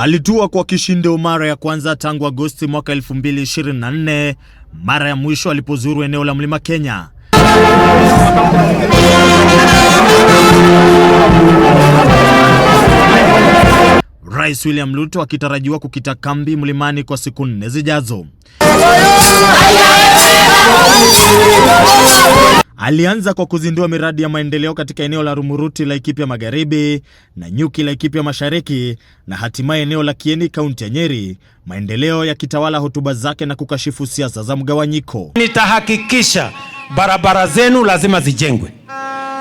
Alitua kwa kishindo mara ya kwanza tangu Agosti mwaka 2024, mara ya mwisho alipozuru eneo la Mlima Kenya. Rais William Ruto akitarajiwa kukita kambi mlimani kwa siku nne zijazo. Alianza kwa kuzindua miradi ya maendeleo katika eneo la Rumuruti, Laikipia Magharibi na Nyuki, Laikipia Mashariki na hatimaye eneo la Kieni, kaunti ya Nyeri, maendeleo yakitawala hotuba zake na kukashifu siasa za mgawanyiko. Nitahakikisha barabara zenu lazima zijengwe,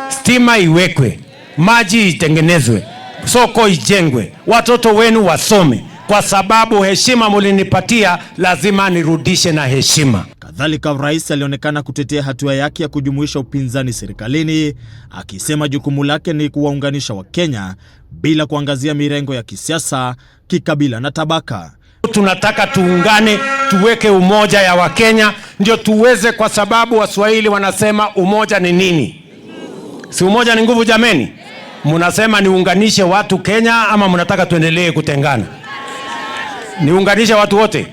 stima iwekwe, maji itengenezwe, soko ijengwe, watoto wenu wasome, kwa sababu heshima mulinipatia lazima nirudishe na heshima. Kadhalika, rais alionekana kutetea hatua yake ya kujumuisha upinzani serikalini, akisema jukumu lake ni kuwaunganisha Wakenya bila kuangazia mirengo ya kisiasa, kikabila na tabaka. Tunataka tuungane, tuweke umoja ya Wakenya ndio tuweze, kwa sababu Waswahili wanasema umoja ni nini? Si umoja ni nguvu? Jameni, munasema niunganishe watu Kenya ama mnataka tuendelee kutengana? Niunganishe watu wote.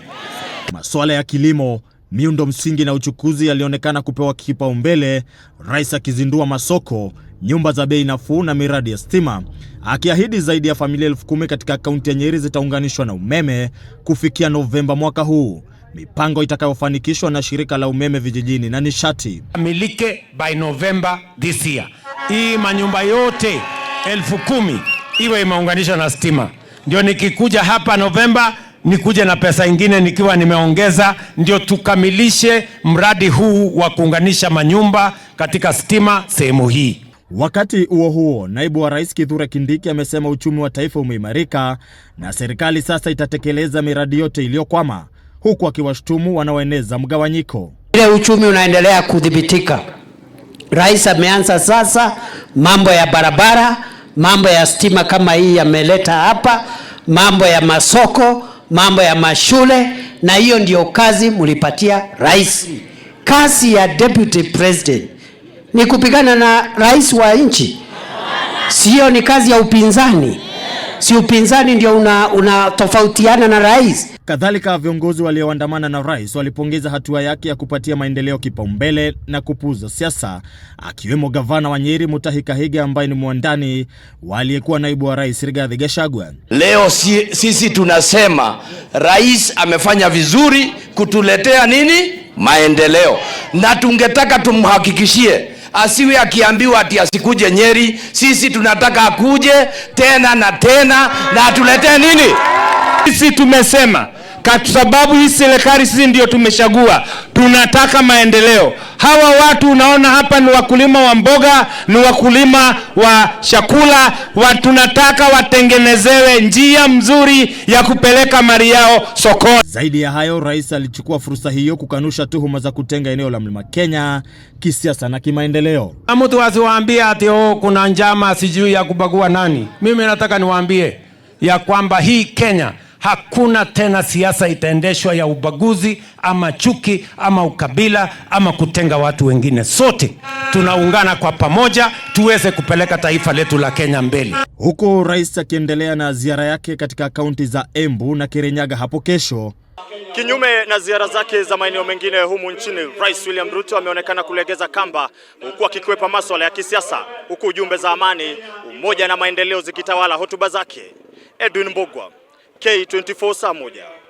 Masuala ya kilimo, miundo msingi na uchukuzi yalionekana kupewa kipaumbele, rais akizindua masoko, nyumba za bei nafuu na miradi ya stima, akiahidi zaidi ya familia elfu kumi katika kaunti ya Nyeri zitaunganishwa na umeme kufikia Novemba mwaka huu, mipango itakayofanikishwa na shirika la umeme vijijini na nishati milike by November this year. Hii manyumba yote elfu kumi iwe imeunganishwa na stima, ndio nikikuja hapa Novemba nikuje na pesa ingine nikiwa nimeongeza, ndio tukamilishe mradi huu wa kuunganisha manyumba katika stima sehemu hii. Wakati huo huo, naibu wa rais Kithure Kindiki amesema uchumi wa taifa umeimarika na serikali sasa itatekeleza miradi yote iliyokwama, huku akiwashutumu wanaoeneza mgawanyiko. Ile uchumi unaendelea kudhibitika. Rais ameanza sasa mambo ya barabara, mambo ya stima kama hii yameleta hapa, mambo ya masoko mambo ya mashule, na hiyo ndiyo kazi mlipatia rais. Kazi ya deputy president ni kupigana na rais wa nchi, siyo ni kazi ya upinzani si upinzani ndio unatofautiana una na rais. Kadhalika, viongozi walioandamana na rais walipongeza hatua yake ya kupatia maendeleo kipaumbele na kupuuza siasa, akiwemo gavana wa Nyeri Mutahi Kahiga ambaye ni mwandani wa aliyekuwa naibu wa rais Rigathi Gachagua. Leo si, sisi tunasema rais amefanya vizuri kutuletea nini maendeleo, na tungetaka tumhakikishie asiwe akiambiwa ati asikuje Nyeri. Sisi tunataka akuje tena na tena na atuletee nini? Sisi tumesema kwa sababu hii serikali sisi ndio tumechagua, tunataka maendeleo. Hawa watu unaona hapa ni wakulima wa mboga, ni wakulima wa chakula wa, tunataka watengenezewe njia mzuri ya kupeleka mali yao sokoni. Zaidi ya hayo, rais alichukua fursa hiyo kukanusha tuhuma za kutenga eneo la Mlima Kenya kisiasa na kimaendeleo. Mtu asiwaambie ati oh, kuna njama sijui ya kubagua nani. Mimi nataka niwaambie ya kwamba hii Kenya Hakuna tena siasa itaendeshwa ya ubaguzi ama chuki ama ukabila ama kutenga watu wengine. Sote tunaungana kwa pamoja tuweze kupeleka taifa letu la Kenya mbele. Huku rais akiendelea na ziara yake katika kaunti za Embu na Kirinyaga hapo kesho. Kinyume na ziara zake za maeneo mengine humu nchini, Rais William Ruto ameonekana kulegeza kamba, huku akikwepa maswala ya kisiasa, huku ujumbe za amani, umoja na maendeleo zikitawala hotuba zake. Edwin Mbogwa K24 saa moja.